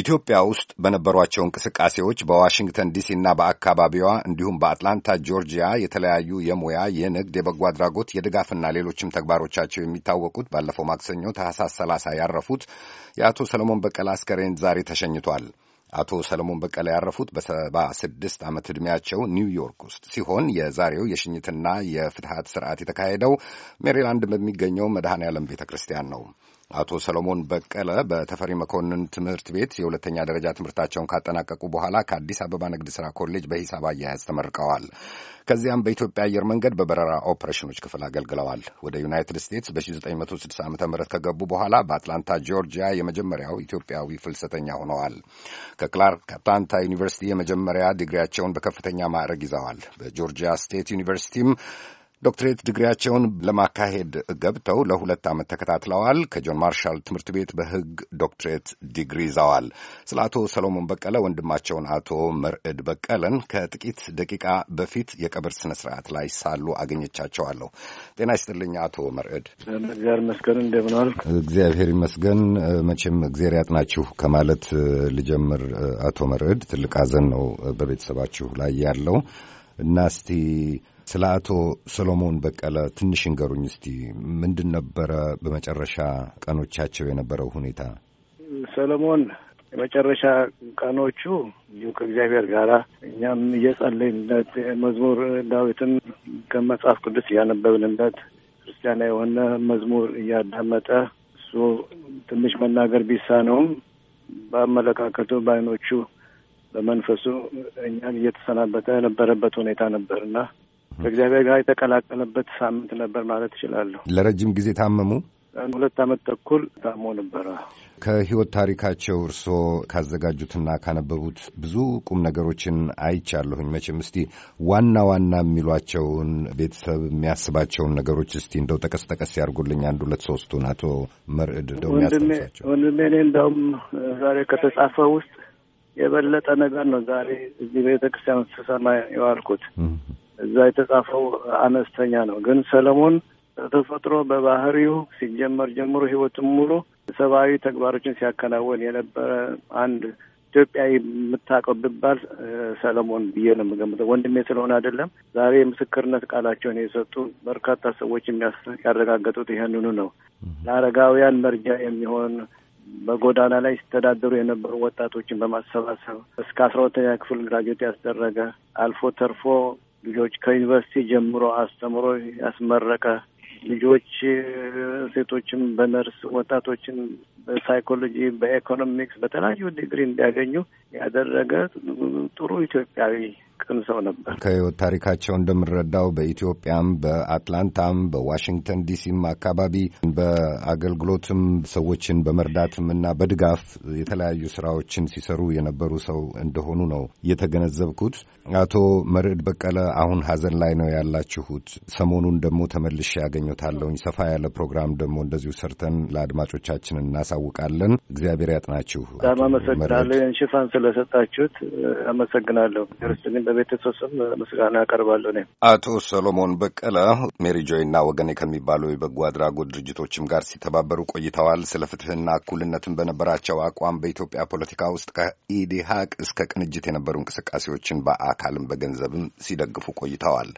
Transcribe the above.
ኢትዮጵያ ውስጥ በነበሯቸው እንቅስቃሴዎች በዋሽንግተን ዲሲና በአካባቢዋ እንዲሁም በአትላንታ ጆርጂያ የተለያዩ የሙያ፣ የንግድ፣ የበጎ አድራጎት፣ የድጋፍና ሌሎችም ተግባሮቻቸው የሚታወቁት ባለፈው ማክሰኞ ታህሳስ 30 ያረፉት የአቶ ሰለሞን በቀለ አስከሬን ዛሬ ተሸኝቷል። አቶ ሰለሞን በቀለ ያረፉት በሰባ ስድስት ዓመት ዕድሜያቸው ኒውዮርክ ውስጥ ሲሆን የዛሬው የሽኝትና የፍትሐት ስርዓት የተካሄደው ሜሪላንድ በሚገኘው መድኃኔ ዓለም ቤተ ክርስቲያን ነው። አቶ ሰሎሞን በቀለ በተፈሪ መኮንን ትምህርት ቤት የሁለተኛ ደረጃ ትምህርታቸውን ካጠናቀቁ በኋላ ከአዲስ አበባ ንግድ ሥራ ኮሌጅ በሂሳብ አያያዝ ተመርቀዋል። ከዚያም በኢትዮጵያ አየር መንገድ በበረራ ኦፕሬሽኖች ክፍል አገልግለዋል። ወደ ዩናይትድ ስቴትስ በ1960 ዓ ም ከገቡ በኋላ በአትላንታ ጆርጂያ የመጀመሪያው ኢትዮጵያዊ ፍልሰተኛ ሆነዋል። ከክላርክ አትላንታ ዩኒቨርሲቲ የመጀመሪያ ዲግሪያቸውን በከፍተኛ ማዕረግ ይዘዋል። በጆርጂያ ስቴት ዩኒቨርሲቲም ዶክትሬት ድግሪያቸውን ለማካሄድ ገብተው ለሁለት ዓመት ተከታትለዋል። ከጆን ማርሻል ትምህርት ቤት በሕግ ዶክትሬት ዲግሪ ይዘዋል። ስለ አቶ ሰሎሞን በቀለ ወንድማቸውን አቶ መርዕድ በቀለን ከጥቂት ደቂቃ በፊት የቀብር ስነ ስርዓት ላይ ሳሉ አገኘቻቸዋለሁ። ጤና ይስጥልኝ አቶ መርዕድ። እግዚአብሔር ይመስገን። እንደምን ዋልክ? እግዚአብሔር ይመስገን። መቼም እግዚአብሔር ያጥናችሁ ከማለት ልጀምር። አቶ መርዕድ፣ ትልቅ ሐዘን ነው በቤተሰባችሁ ላይ ያለው እና እስቲ ስለ አቶ ሰሎሞን በቀለ ትንሽ እንገሩኝ እስቲ። ምንድን ነበረ በመጨረሻ ቀኖቻቸው የነበረው ሁኔታ? ሰሎሞን የመጨረሻ ቀኖቹ እንዲሁ ከእግዚአብሔር ጋር እኛም እየጸለይንለት መዝሙር ዳዊትን ከመጽሐፍ ቅዱስ እያነበብንለት ክርስቲያና የሆነ መዝሙር እያዳመጠ እሱ ትንሽ መናገር ቢሳነውም በአመለካከቱ፣ በአይኖቹ፣ በመንፈሱ እኛን እየተሰናበተ የነበረበት ሁኔታ ነበርና ከእግዚአብሔር ጋር የተቀላቀለበት ሳምንት ነበር ማለት እችላለሁ። ለረጅም ጊዜ ታመሙ። ሁለት ዓመት ተኩል ታሞ ነበረ። ከህይወት ታሪካቸው እርስዎ ካዘጋጁትና ካነበቡት ብዙ ቁም ነገሮችን አይቻለሁኝ። መቼም እስቲ ዋና ዋና የሚሏቸውን ቤተሰብ የሚያስባቸውን ነገሮች እስቲ እንደው ጠቀስ ጠቀስ ያርጉልኝ፣ አንድ ሁለት ሶስቱን። አቶ መርዕድ እንደው ወንድሜ፣ እኔ እንደውም ዛሬ ከተጻፈ ውስጥ የበለጠ ነገር ነው ዛሬ እዚህ ቤተክርስቲያን ስሰማ የዋልኩት እዛ የተጻፈው አነስተኛ ነው። ግን ሰለሞን ተፈጥሮ በባህሪው ሲጀመር ጀምሮ ህይወትም ሙሉ ሰብአዊ ተግባሮችን ሲያከናወን የነበረ አንድ ኢትዮጵያ የምታውቀው ብባል ሰለሞን ብዬ ነው የምገምተው። ወንድሜ ስለሆነ አይደለም። ዛሬ የምስክርነት ቃላቸውን የሰጡ በርካታ ሰዎች ያረጋገጡት ይህንኑ ነው። ለአረጋውያን መርጃ የሚሆን በጎዳና ላይ ሲተዳደሩ የነበሩ ወጣቶችን በማሰባሰብ እስከ አስራ ሁለተኛ ክፍል ግራጁዌት ያስደረገ አልፎ ተርፎ ልጆች ከዩኒቨርሲቲ ጀምሮ አስተምሮ ያስመረቀ ልጆች ሴቶችን በነርስ ወጣቶችን በሳይኮሎጂ በኢኮኖሚክስ በተለያዩ ዲግሪ እንዲያገኙ ያደረገ ጥሩ ኢትዮጵያዊ ቅን ሰው ነበር። ከህይወት ታሪካቸው እንደምንረዳው በኢትዮጵያም በአትላንታም በዋሽንግተን ዲሲም አካባቢ በአገልግሎትም ሰዎችን በመርዳትም እና በድጋፍ የተለያዩ ስራዎችን ሲሰሩ የነበሩ ሰው እንደሆኑ ነው የተገነዘብኩት። አቶ መርዕድ በቀለ አሁን ሀዘን ላይ ነው ያላችሁት። ሰሞኑን ደግሞ ተመልሼ ያገኙታለሁኝ። ሰፋ ያለ ፕሮግራም ደግሞ እንደዚሁ ሰርተን ለአድማጮቻችን እናሳውቃለን። እግዚአብሔር ያጥናችሁ። በጣም አመሰግናለሁ። ሽፋን ስለሰጣችሁት አመሰግናለሁ። ለቤተሰብ ምስጋና አቀርባለሁ። አቶ ሰሎሞን በቀለ ሜሪጆይና ወገኔ ከሚባሉ የበጎ አድራጎት ድርጅቶችም ጋር ሲተባበሩ ቆይተዋል። ስለ ፍትህና እኩልነትን በነበራቸው አቋም በኢትዮጵያ ፖለቲካ ውስጥ ከኢዲሀቅ እስከ ቅንጅት የነበሩ እንቅስቃሴዎችን በአካልም በገንዘብም ሲደግፉ ቆይተዋል።